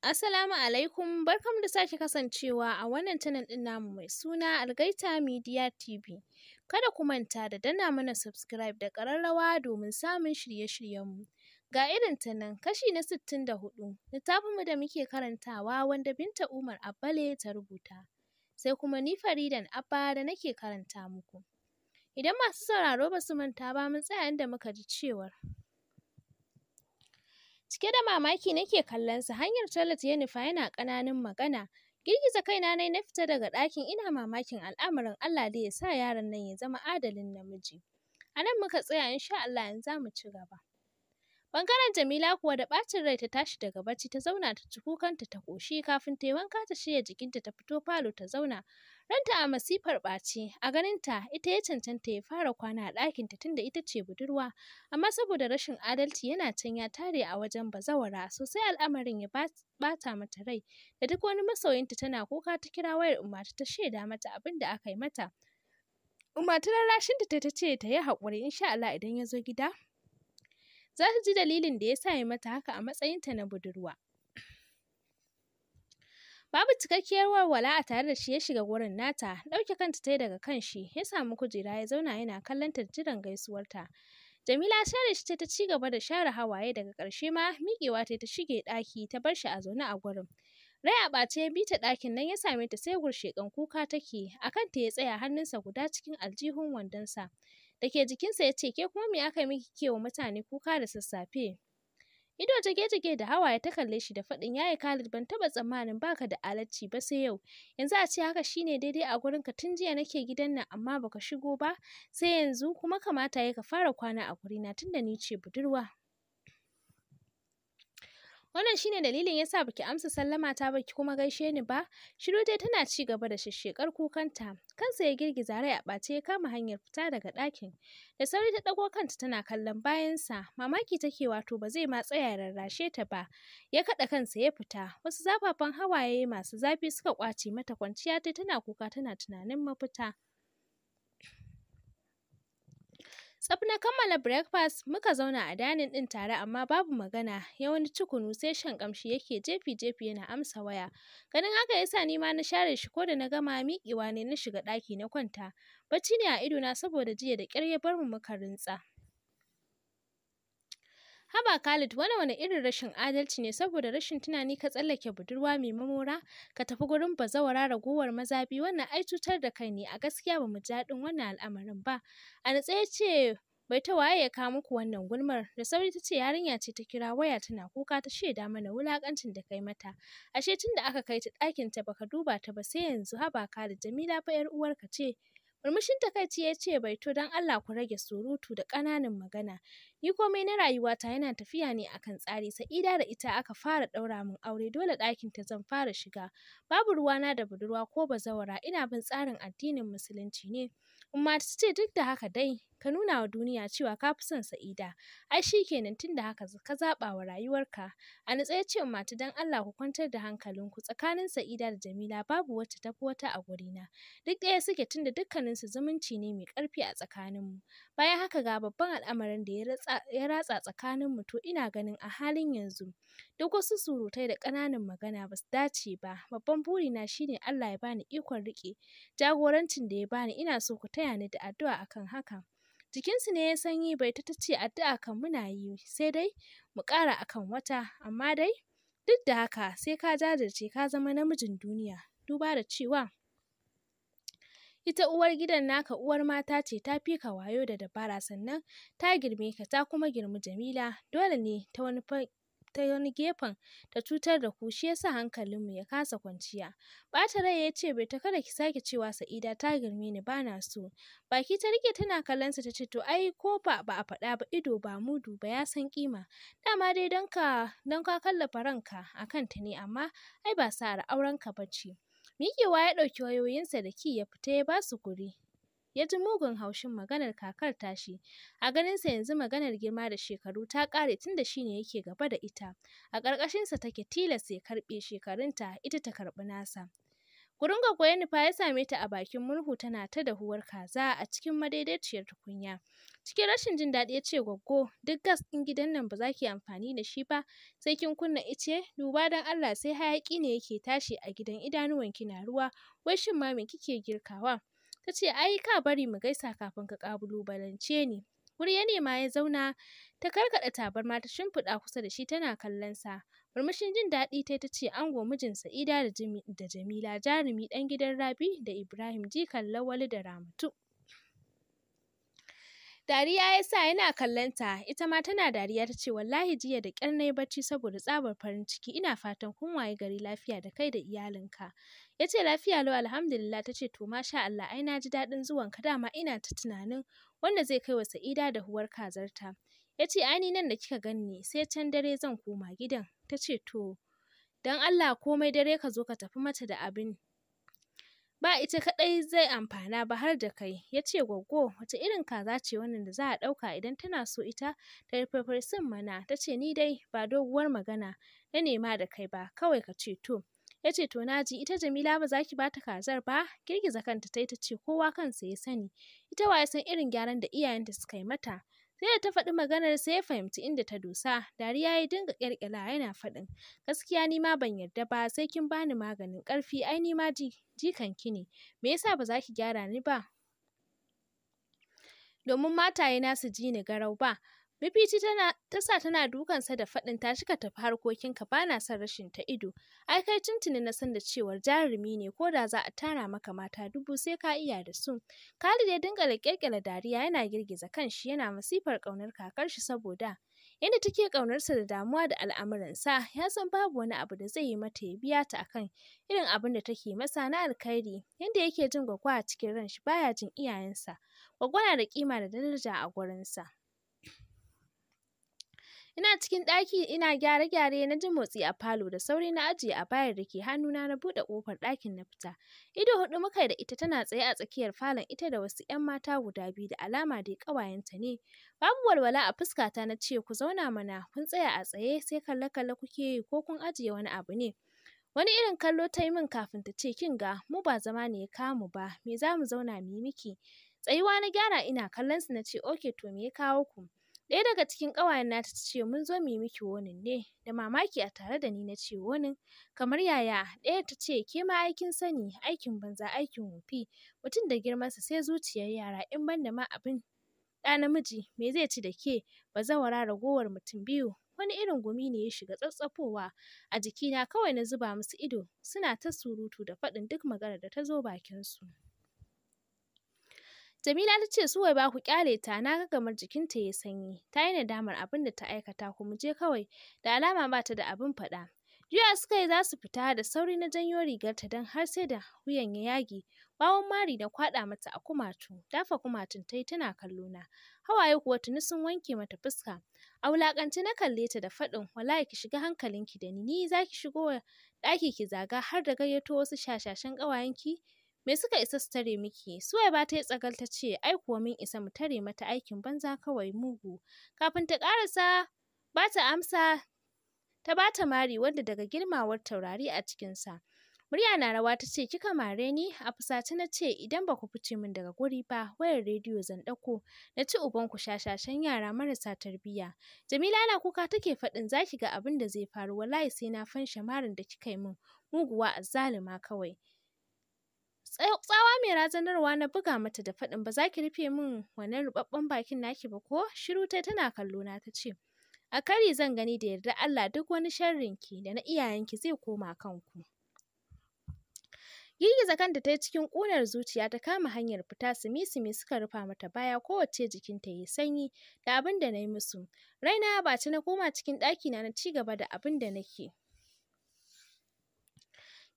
Assalamu alaikum barkamu da sake kasancewa a wannan channel ɗin namu mai suna Algaita Media TV. Kada ku manta da danna mana subscribe da ƙararrawa domin samun shirye-shiryenmu Ga irin ta nan kashi na sittin da hudu littafinmu da muke karantawa wanda Binta Umar Abbale ta rubuta. Sai kuma ni Faridan Abba da nake karanta muku. Idan masu sauraro ba su manta ba mun tsaya inda muka ji cewar. Cike da mamaki nake kallon sa hanyar toilet ya nufa yana ƙananun magana. Girgiza kaina nai na fita daga ɗakin ina mamakin al'amarin Allah da ya sa yaron nan ya zama adalin namiji. A nan muka tsaya insha Allah yanzu za mu ci gaba. Bangaren Jamila kuwa da ɓacin rai ta tashi daga bacci ta zauna ta ci kukanta ta ƙoshi kafin ta yi wanka ta shirya jikinta ta fito falo ta zauna. Ranta a masifar ɓaci, a ganinta ita ya cancanta ya fara kwana a ɗakinta tunda ita ce budurwa, amma saboda rashin adalci yana can ya tare a wajen bazawara sosai al'amarin ya ɓata mata rai da duk wani masoyinta tana kuka ta kira wayar umarta ta shaida mata abin da aka yi mata. Umarta rarrashinta ta ce ta yi haƙuri insha Allah idan ya zo gida za ta ji dalilin da ya sa ya mata haka a matsayinta na budurwa. Babu cikakkiyar walwala a tare da shi ya shiga wurin nata, ɗauke kanta ta daga kan shi, ya samu kujera ya zauna yana kallon ta jiran gaisuwarta. Jamila share shi ta ci gaba da share hawaye daga ƙarshe ma miƙewa ta ta shige ɗaki ta bar shi a zaune a gurin. Rai a ɓace ya bi ta ɗakin nan ya same ta sai ƙan kuka take, a kanta ya tsaya hannunsa guda cikin aljihun wandonsa. Dake jikinsa ya ce ke kuma me aka miki kewa mutane kuka da sassafe. Ido jage-jage da hawaye ta kalle shi da faɗin ya yi Khalid ban taɓa tsammanin baka da alacci ba sai yau. Yanzu a ce haka shine daidai a gurin tun jiya nake gidan nan amma baka shigo ba sai yanzu kuma kamata ya ka fara kwana a gurina tunda ni ce budurwa. Wannan shine dalilin yasa baki amsa sallama ta baki kuma gaishe ni ba. Shiru dai tana ci gaba da shishshekar kukanta. Kansa ya girgiza rai a bace ya kama hanyar fita daga ɗakin. Da sauri ta ɗago kanta tana kallon bayansa. Mamaki take wato ba zai ma tsaya rarrashe ta ba. Ya kaɗa kansa ya fita. Wasu zafafan hawaye masu zafi suka kwace mata kwanciya dai tana kuka tana tunanin mafita. Tsaf na kammala breakfast muka zauna a dining ɗin tare amma babu magana, ya wani tukunu sai shan kamshi yake jefi-jefi yana amsa waya. Ganin haka yasa ni ma na share shi ko da na gama miƙewa ne na shiga ɗaki na kwanta. Bacci ne a idona saboda jiya da ƙyar ya bar mu muka rintsa. Haba Khalid wani wani irin rashin adalci ne saboda rashin tunani ka tsallake budurwa mai mamora ka tafi gurin bazawara ragowar maza biyu wannan ai cutar da kai ne a gaskiya ba mu jaɗin wannan al'amarin ba. A natse ce bai ta waye ya kawo muku wannan gulmar da sauri ta ce yarinya ce ta kira waya tana kuka ta shaida mana wulakancin da kai mata ashe tun da aka kai ta ɗakin ta baka duba ta ba sai yanzu haba Khalid Jamila fa yar uwarka ce Murmushin takaici ya ce bai to don Allah ku rage surutu da ƙananan magana. Ni komai na rayuwata yana tafiya ne akan tsari sa'ida da ita aka fara ɗaura min aure dole ɗakin ta zan fara shiga. Babu ruwana da budurwa ko bazawara ina bin tsarin addinin musulunci ne. Umma ta ce duk da haka dai ka nuna wa duniya cewa ka fi son Sa'ida. Ai shi kenan tunda haka ka zaɓa wa rayuwarka. A natsaya ya ce mata don Allah ku kwantar da hankalinku tsakanin Sa'ida da Jamila babu wata tafi wata a guri na. Duk ɗaya suke da dukkaninsu zumunci ne mai ƙarfi a tsakaninmu. Bayan haka ga babban al'amarin da ya ratsa tsakanin mu to ina ganin a halin yanzu duk wasu surutai da ƙananan magana ba su dace ba. Babban burina shine Allah ya bani ikon riƙe jagorancin da ya bani ina so ku taya ni da addu'a akan haka. Jikinsu ne ya sanyi bai ta ta ce addu'a kan muna yi sai dai mu ƙara akan wata amma dai duk da haka sai ka jajirce ka zama namijin duniya duba da cewa ita uwar gidan naka uwar mata ce ta fi ka wayo da dabara sannan ta girme ka ta kuma girmi Jamila dole ne ta wani ta wani gefen ta cutar da ku shi yasa hankalinmu ya kasa kwanciya. Bata rai ya ce bai ta kada ki sake cewa Sa'ida ta girme ni bana so. Baki ta rike tana kallon ta ce to ai ko ba ba a faɗa ba ido ba mudu ba ya san kima. Dama dai don ka don ka kallafa ranka a kanta ne amma ai ba sa'ar aurenka ba ce. mikewa ya ɗauki wayoyinsa da ki ya fita ya basu su guri. ya ji mugun haushin maganar kakar tashi. A ganinsa yanzu maganar girma da shekaru ta ƙare tun da shi ne yake gaba da ita. A ƙarƙashinsa take tilas ya karɓe shekarunta ita ta karɓi nasa. Gurunga koya nufa ya same ta a bakin murhu tana ta dahuwar kaza a cikin madaidaiciyar tukunya. Cikin rashin jin daɗi ya ce gwaggo duk gas ɗin gidan nan ba za ki amfani da shi ba sai kin kunna ice duba don Allah sai hayaƙi ne yake tashi a gidan idanuwanki na ruwa wai shin ma me kike girkawa? Ta ce, ai ka bari mu gaisa kafin ka balance ni. Wuri ya nema ya zauna, ta karkaɗa tabarma ta shimfiɗa kusa da shi tana kallon sa. Murmushin jin daɗi ta ta ce ango mijin Ida da Jamila jarumi ɗan gidan Rabi da Ibrahim jikan Lawali da Ramatu. Dariya ya sa yana ta ita ma tana dariya ta ce wallahi jiya da ƙyar na yi bacci saboda tsabar farin ciki ina fatan kun waye gari lafiya da kai da iyalinka. Ya ce lafiya lau alhamdulillah ta ce to masha Allah ai na ji daɗin zuwan zuwanka dama ina ta tunanin wanda zai kai wa sa'ida da huwar kazarta. Ya ce ai nan da kika ganni sai can dare zan koma gidan. Ta ce to don Allah komai dare ka zo ka tafi mata da abin ba ita kadai zai amfana ba har da kai ya ce gwaggo wata irin kaza ce wannan da za a ɗauka idan tana so ita ta yi farfarsin mana ta ce ni dai ba doguwar magana na nema da kai ba kawai ka ce to ya ce to naji ita jamila ba za ki bata kazar ba girgiza kanta ta yi ta ce kowa kansa ya sani ita wa ya san irin gyaran da iyayenta suka yi mata Sai da ta faɗi maganar sai ya fahimci inda ta dosa, dariya ya dinga ƙyalƙyala yana faɗin, gaskiya ni ma ban yarda ba sai kin bani maganin ƙarfi ai ni ma ji ki ne, me yasa ba za ki gyara ni ba? Domin mataye na su ji ni garau ba. Bibiti tana ta sa tana dukansa da faɗin ta shika tafi harkokinka ba na son rashin ta ido. Ai kai tuntuni na san da cewar jarumi ne ko da za a tara maka mata dubu sai ka iya da su. Khalid ya dinga laƙyalƙyala dariya yana girgiza kanshi yana masifar ƙaunar kakar shi saboda yadda take ƙaunarsa da damuwa da al'amuransa ya san babu wani abu da zai yi mata ya biya ta akan irin abin da take masa na alkhairi yadda yake jin gwagwa a cikin ranshi baya jin iyayensa gwagwa na da kima da daraja a gurinsa Ina cikin ɗaki ina gyare-gyare na ji motsi a falo da sauri na ajiye a bayar da ke hannuna na buɗe ƙofar ɗakin na fita. Ido huɗu muka da ita tana tsaye a tsakiyar falon ita da wasu ‘yan mata guda biyu da alama dai ƙawayenta ne. Babu walwala a fuskata na ce ku zauna mana kun tsaya a tsaye sai kalle-kalle kuke yi ko kun ajiye wani abu ne. Wani irin kallo ta yi min kafin ta ce kin ga mu ba zama ne ya kawo ba me za mu zauna mu yi miki. Tsayuwa na gyara ina kallon su na ce oke to me ya kawo ku. Ɗaya daga cikin ƙawayen nata ta ce, mun zo mu yi miki wonin ne, da mamaki a tare da ni na ce wonin, kamar yaya, ɗaya ta ce, ke ma aikin sani, aikin banza, aikin wofi, mutum da girmansa sai zuciyar yara in ban da ma abin ɗa namiji me zai ci da ke wara ragowar mutum biyu wani irin gumi ne ya shiga tsatsafowa a jikina kawai na zuba musu ido suna ta surutu da faɗin duk maganar da ta zo bakinsu. Jamila ta ce suwai ba ku kyale ta na ga kamar jikinta ya sanyi. Ta yi nadamar abin da ta aikata ku mu je kawai da alama ba ta da abin faɗa. jiya suka yi za su fita da sauri na janyo rigarta don har sai da wuyan ya yage. Bawon mari na kwaɗa mata a kumatu, dafa kumatun ta tana kallo na. Hawaye kuwa tuni sun wanke mata fuska. A wulakance na kalle ta da faɗin wallahi ki shiga hankalinki da ni, ni za ki shigo ɗaki ki zaga har da gayyato wasu shashashen ƙawayenki. Me suka isa su tare miki? Suwai ba ta yi tsagal ta ce, ai kuwa mun isa mu tare mata aikin banza kawai mugu. Kafin ta karasa ba ta amsa ta ba ta mari wanda daga girmawar taurari a cikinsa. Murya na rawa ta ce, Kika mare ni? A fusace na ce, Idan ba ku fice min daga guri ba, wayar rediyo zan ɗauko. Na ci uban ku shashashen yara marasa tarbiyya. Jamila na kuka take faɗin zaki ga abin da zai faru, wallahi sai na fanshe marin da kika yi min. Muguwa azzalima kawai. tsawa mai razanarwa na buga mata da faɗin ba za ki rufe min wannan rubabban bakin naki ba ko shiru tai tana kallo na ta ce a kari zan gani da yarda Allah duk wani sharrinki da na iyayenki zai koma kanku girgiza kanta ta cikin ƙunar zuciya ta kama hanyar fita su misimi suka rufa mata baya kowace jikinta yi sanyi da abin da na yi musu raina ba ci na koma cikin ɗakina na ci gaba da abin da nake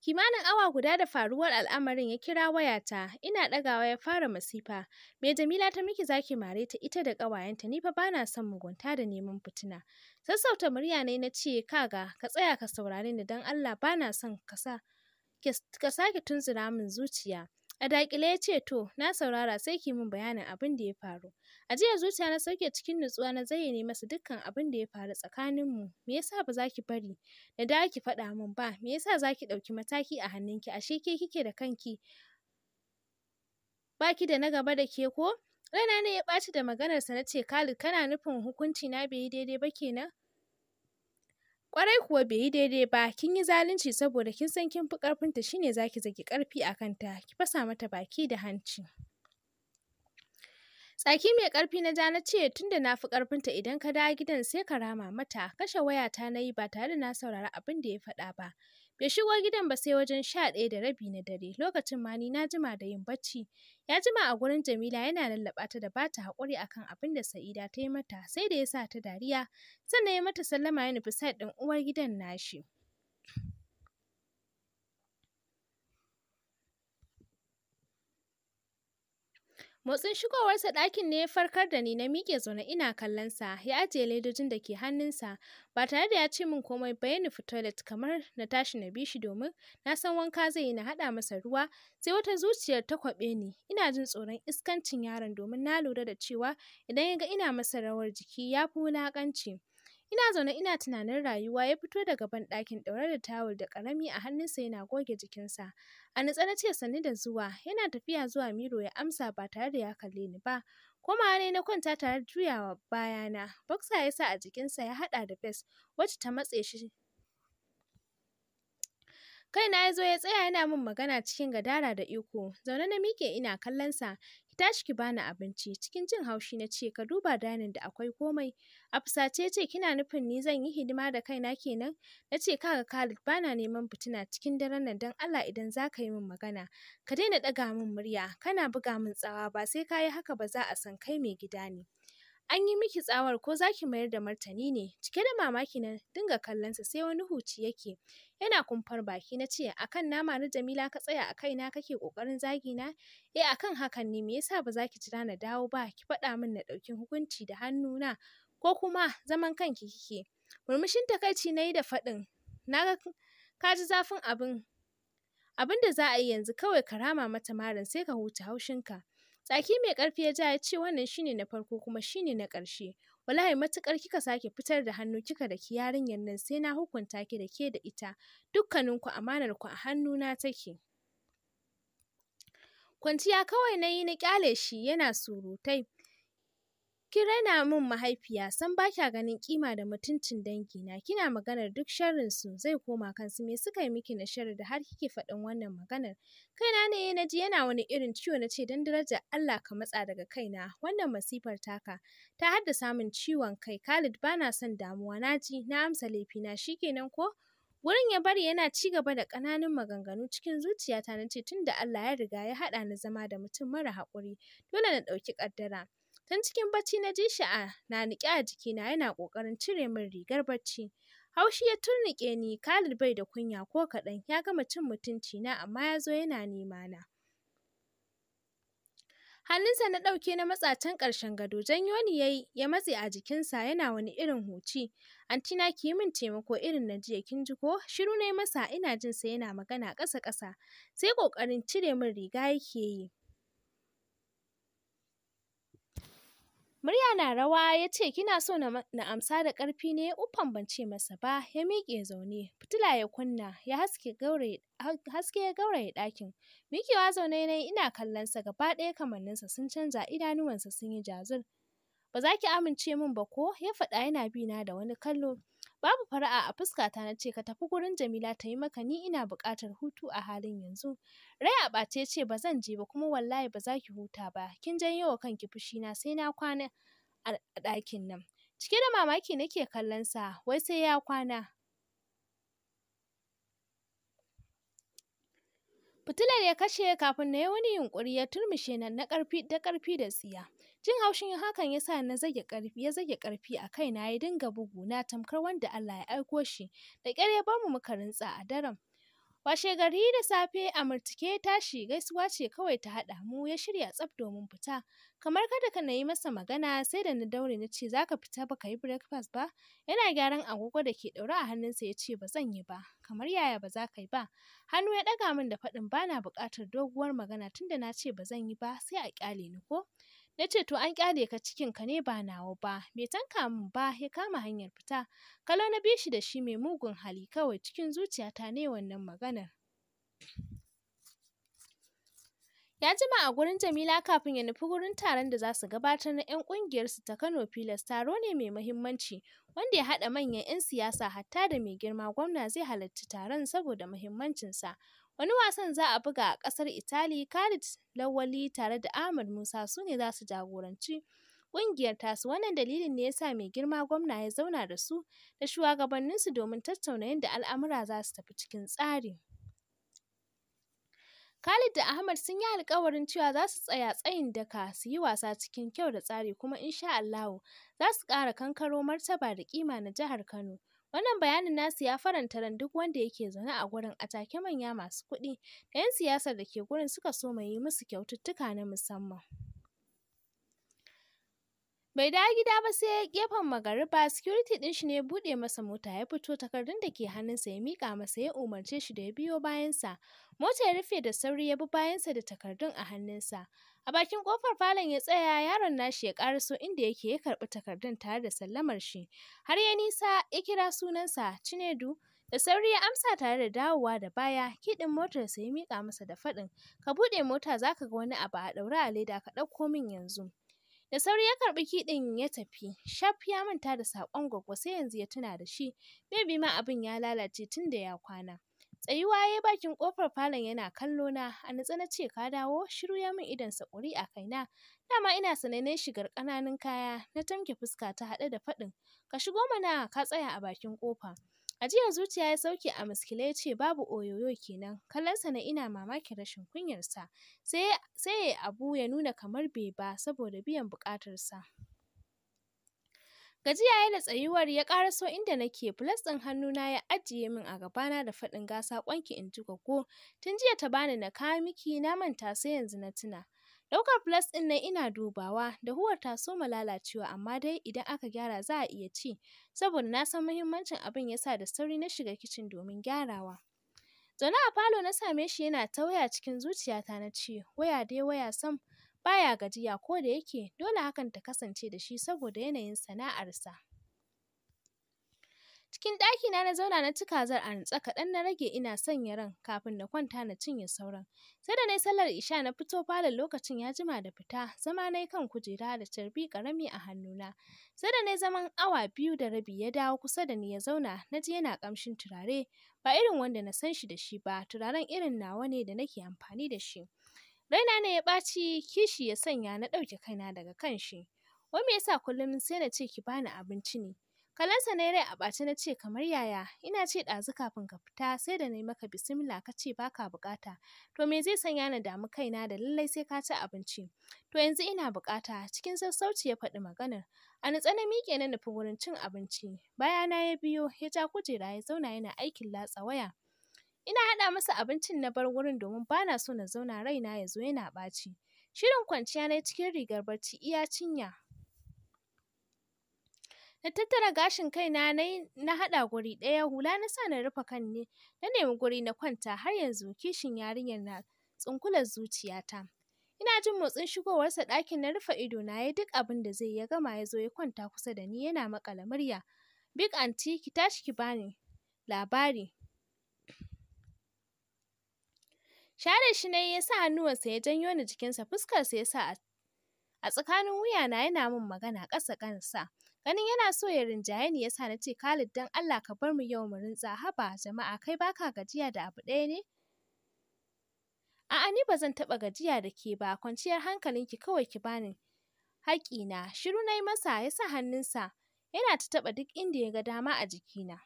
Kimanin awa guda da faruwar al'amarin ya kira wayata, ina ɗagawa ya fara masifa. Me Jamila ta miki zaki mare ta ita da ƙawayenta ni fa bana son mugunta da neman fitina. Sassauta murya ne na ce kaga ka tsaya ka saurare ni dan Allah bana son ka sa ka sake tunzura min zuciya. A daƙile ya ce to na saurara sai ki min bayanin abin da ya faru. A jiya zuciya na sauke cikin nutsuwa na zayyane masa dukkan abin da ya faru tsakanin mu Me yasa ba za ki bari na dawo ki faɗa min ba? Me yasa za ki ɗauki mataki a hannunki? Ashe ke kike da kanki? Ba ki da na gaba da ke ko? Rana ne ya ɓaci da maganarsa na ce Khalid kana nufin hukunci na bai yi daidai ba kenan? Kwarai kuwa bai yi daidai ba, kin yi zalunci saboda kin san kin fi ƙarfinta shine za ki zagi ƙarfi a kanta, ki fasa mata baki da hanci. Tsaki mai karfi na ja na ce da na fi ƙarfinta idan ka dawo gidan sai ka rama mata kashe wayata na yi ba tare da na saurari abin da ya faɗa ba. Bai shigo gidan ba sai wajen sha ɗaya da rabi na dare lokacin ma ni na jima da yin bacci. Ya jima a gurin Jamila yana lallaɓa ta da bata haƙuri akan abin da Sa'ida ta yi mata sai da ya sa ta dariya sannan ya mata sallama ya nufi side ɗin uwar gidan nashi. Motsin shigowarsa ɗakin ne ya farkar da ni na miƙe zaune ina kallonsa ya ajiye ledojin da ke hannunsa, ba tare da ya ce min komai ba ya nufi toilet kamar na tashi na bi shi domin na san wanka zai yi na haɗa masa ruwa, sai wata zuciyar ta kwaɓe ni, ina jin tsoron iskancin yaron domin na lura da cewa idan ya ga ina masa rawar jiki ya fi wulaƙanci. Ina zaune ina tunanin rayuwa ya fito daga banɗakin ɗaure da tawul da ƙarami a hannunsa yana goge jikinsa. A natsa na ce sannu da zuwa, yana tafiya zuwa miro ya amsa ba tare da ya kalle ni ba. Komawa ne na kwanta tare da juyawa bayana. Boxer ya sa a jikinsa ya haɗa da vest wacce ta matse shi kaina ya zo ya tsaya yana min magana cikin gadara da iko zaune na miƙe ina kallonsa tashi ki bani abinci cikin jin haushi na ce ka duba danin da akwai komai a fusace ya ce kina nufin ni zan yi hidima da kaina kenan na ce kaga Khalid bana neman fitina cikin daren nan don Allah idan za ka yi min magana ka daina ɗaga min murya kana buga min tsawa ba sai ka yi haka ba za a san kai mai gida ne an yi miki tsawar ko zaki mayar da martani ne cike da mamaki na dinga kallonsa sai wani huci yake yana kumfar baki na ce akan nama na jamila ka tsaya a kaina kake kokarin zagi na eh akan hakan ne me yasa ba za ki jira na dawo ba ki faɗa min na ɗaukin hukunci da hannu na, ko kuma zaman kanki kike murmushin takaici na yi da faɗin na ga ka ji zafin abin abin da za a yi yanzu kawai ka rama mata marin sai ka huta haushinka Tsaki mai ƙarfi ya ja ya ce wannan shine na farko kuma shine na ƙarshe. Wallahi matuƙar kika sake fitar da hannu kika da ki yarinyar nan sai na hukunta ki da ke da ita. Dukkaninku amanar ku a hannu na take. Kwanciya kawai na yi na ƙyale shi yana surutai. Kin raina min mahaifiya san ba kya ganin kima da mutuncin dangi na. kina maganar duk su zai koma kansu me suka yi miki na sharri da har kike faɗin wannan maganar. Kaina ne na ji yana wani irin ciwo na ce don darajar Allah ka matsa daga kaina wannan masifar taka ta haddasa min ciwon kai Khalid bana son damuwa na ji na amsa laifina shikenan ko. Wurin ya bari yana ci gaba da ƙananun maganganu cikin zuciyata na ce tun da Allah ya riga ya haɗa ni zama da mutum mara haƙuri, dole na ɗauki ƙaddara. Tun cikin bacci na ji shi a naniƙe a jikina yana ƙoƙarin cire min rigar bacci. Haushi ya turnike ni, Khalid bai da kunya ko kaɗan, ya gama cin mutunci na amma ya zo yana nema na. Hannunsa na ɗauke na matsa can ƙarshen gado, janyo ni ya yi, ya matse a jikinsa yana wani irin huci. Antina ki min taimako irin na jiya kin ji ko? Shiru na yi masa ina jin sa yana magana ƙasa-ƙasa, sai ƙoƙarin cire min riga yake yi. Murya na rawa ya ce, Kina so na, amsa da ƙarfi ne, uffan ban ce masa ba, ya miƙe zaune, fitila ya kunna, ya haske ya gauraye ɗakin. Miƙewa zaune ne, ina kallonsa gaba ɗaya kamanninsa sun canza idanuwansa sun yi jazur. Ba za ki amince min ba ko? Ya faɗa yana bina da wani kallo. Babu fara'a a fuskata na ce ka tafi gurin Jamila ta yi maka ni ina buƙatar hutu a halin yanzu. Rai a ɓace ce ba zan je ba kuma wallahi ba za ki huta ba. Kin janyo wa kanki na sai na kwana a ɗakin nan. Cike da mamaki nake kallon sa wai sai ya kwana. Fitilar ya kashe kafin na yi wani yunƙuri ya turmushe nan na ƙarfi da ƙarfi da tsiya. Jin haushin hakan ya sa na zage ƙarfi, ya zage ƙarfi a kaina ya dinga bugu na tamkar wanda Allah ya aiko shi, da ƙyar ya bar mu muka rintsa a daren. Washe gari da safe a murtuke tashi gaisuwa ce kawai ta haɗa mu ya shirya tsaf domin fita. Kamar kada ka nayi masa magana sai da na daure na ce za ka fita ba ka yi breakfast ba. Yana gyaran agogo da ke ɗaure a hannunsa ya ce ba zan yi ba. Kamar yaya ba za ka yi ba. Hannu ya ɗaga min da faɗin bana na buƙatar doguwar magana tunda na ce ba zan yi ba sai a ƙyale ni ko. Na ce to an kyale ka cikin ka ne ba nawa ba, bai tanka min ba ya kama hanyar fita, kalo na bi shi da shi mai mugun hali kawai cikin zuciyata ne wannan maganar. Ya jima a gurin Jamila kafin ya nufi gurin taron da za su gabatar na 'yan su ta Kano Pilas taro ne mai mahimmanci wanda ya haɗa manyan 'yan siyasa hatta da mai girma gwamna zai halarci taron saboda mahimmancinsa. Wani wasan za a buga a ƙasar Italy, Khalid Lawali tare da Ahmed Musa su ne za su jagoranci ƙungiyar tasu, wannan dalilin ne yasa mai girma gwamna ya zauna da su da shugabanninsu domin tattauna yadda al'amura za su tafi cikin tsari. Khalid da Ahmad sun yi alkawarin cewa za su tsaya tsayin daka su yi wasa cikin kyau da tsari kuma insha Allahu za su ƙara kankaro martaba da kima na jihar Kano. Wannan bayanin nasu ya faranta ran duk wanda yake zaune a gurin a take manya masu kuɗi da 'yan siyasar da ke gurin suka so soma yi musu kyaututtuka na musamman. Bai dawo gida ba sai ya gefen magariba security ɗin shi ne buɗe masa mota ya fito takardun da ke hannunsa ya mika masa ya umarce shi da ya biyo bayansa. Mota ya rufe da sauri ya bi bayansa da takardun a hannunsa. A bakin ƙofar falon ya tsaya yaron nashi ya ƙaraso inda yake ya karɓi takardun tare da sallamar shi. Har ya nisa ya kira sunansa Cinedu da sauri ya amsa tare da dawowa da baya kiɗin sa ya miƙa masa da faɗin ka buɗe mota za ka ga wani abu a ɗaure a leda ka ɗauko min yanzu. Da sauri ya karɓi kiɗin ya tafi shaf ya manta da saƙon gwaggwa sai yanzu ya tuna da shi bebi ma abin ya lalace tun da ya kwana. Tsayuwa ya bakin ƙofar falon yana kallo na, a natse na ce ka dawo, shiru ya min idonsa saƙuri a kaina. Dama ina sanannen shigar ƙananun kaya, na tamke fuska ta haɗe da faɗin, ka shigo mana ka tsaya a bakin ƙofa. Ajiyar zuciya ya sauke a muskile ya ce babu oyoyo kenan, kallonsa na ina mamakin rashin kunyarsa, sai ya abu ya nuna kamar bai ba saboda biyan buƙatarsa. Gajiya ya da tsayuwar ya ƙaraso inda nake, plus ɗin hannuna ya ajiye min a gabana da faɗin gasa ƙwanki in ji gwaggo. Tun jiya ta bani na kawo miki na manta sai yanzu na tuna. Ɗaukar plus ɗin nan ina dubawa, da huwar ta soma lalacewa amma dai idan aka gyara za a iya ci, saboda na san muhimmancin abin yasa da sauri na shiga kicin domin gyarawa. Zaune a falo na same shi yana ta waya cikin zuciyata na ce, waya dai waya sam, baya gajiya ko da yake dole hakan ta kasance da shi saboda yanayin sana'arsa. Cikin ɗakina na zauna na ci kazar a nutsa kaɗan na rage ina sanya ran kafin na kwanta na cinye sauran. Sai da na sallar isha na fito falon lokacin ya jima da fita, zama na kan kujera da carbi ƙarami a hannuna. Sai da na zaman awa biyu da rabi ya dawo kusa da ni ya zauna na ji yana ƙamshin turare, ba irin wanda na san shi da shi ba, turaren irin nawa ne da nake amfani da shi. Raina ne ya ɓaci kishi ya sanya na ɗauke kaina daga kan shi. Wai me yasa kullum sai na ce ki bani abinci ne? Kalansa na rai a ɓace na ce kamar yaya ina ce ɗazu kafin ka fita sai da na yi maka bisimila ka ce baka buƙata. To me zai sanya na damu kaina da lallai sai ka ci abinci? To yanzu ina buƙata cikin sassauci ya faɗi maganar. A natsa na miƙe na nufi wurin cin abinci. Bayana ya biyo ya ja kujera ya zauna yana aikin latsa waya. Ina haɗa masa abincin na bar wurin domin ba na so na zauna raina ya zo yana ɓaci. Shirin kwanciya na cikin rigar barci iya cinya. Na tattara gashin kaina na na haɗa guri ɗaya hula na sa na rufe kan ne. Na nemi guri na kwanta har yanzu kishin yarinyar na tsunkular zuciyata. Ina jin motsin shigowarsa ɗakin na rufe ido na yi duk abin da zai ya gama ya zo ya kwanta kusa da ni yana maƙala murya. Big anti ki tashi ki bani labari. Share shi na ya sa hannuwansa ya janyo ni jikinsa fuskarsa ya sa a tsakanin wuyana yana min magana ƙasa kansa Ganin yana so ya rinjaye ni ya sa na ce Khalid dan Allah ka bar mu yau mu rintsa haba jama'a kai baka gajiya da abu ɗaya ne? A'a ni ba zan taɓa gajiya da ke ba kwanciyar hankalin ki kawai ki bani haƙina shiru na yi masa ya sa hannunsa yana ta taɓa duk inda ya ga dama a jikina.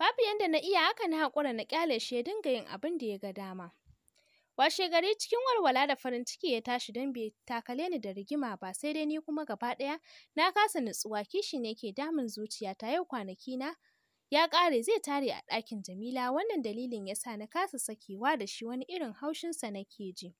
Babu yanda na iya haka na haƙura na ƙyale shi ya dinga yin abin da ya ga dama. Washe gari cikin walwala da farin ciki ya tashi don bai takale ni da rigima ba sai dai ni kuma gaba ɗaya na kasa nutsuwa kishi ne ke damun zuciya ta yau kwanaki na ya ƙare zai tare a ɗakin Jamila wannan dalilin yasa na kasa sakewa da shi wani irin haushinsa nake ji.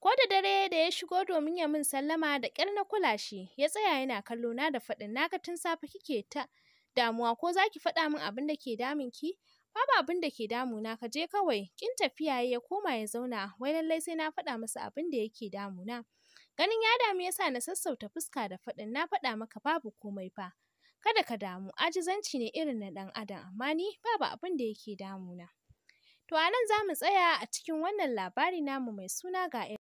Ko da dare da ya shigo domin ya min sallama da ƙyar na kula shi, ya tsaya yana kallo na da faɗin naga tun safe kike ta damuwa ko za ki faɗa min abin da ke damun ki? Babu abin da ke damuna ka je kawai, ƙin tafiya ya koma ya zauna, wai lallai sai na faɗa masa abin da yake damuna. Ganin ya damu ya sa na sassauta fuska da faɗin na faɗa maka babu komai fa. Kada ka damu, aji zanci ne irin na ɗan adam, amma ni babu abin da yake damuna. To a nan za mu tsaya a cikin wannan labari namu mai suna ga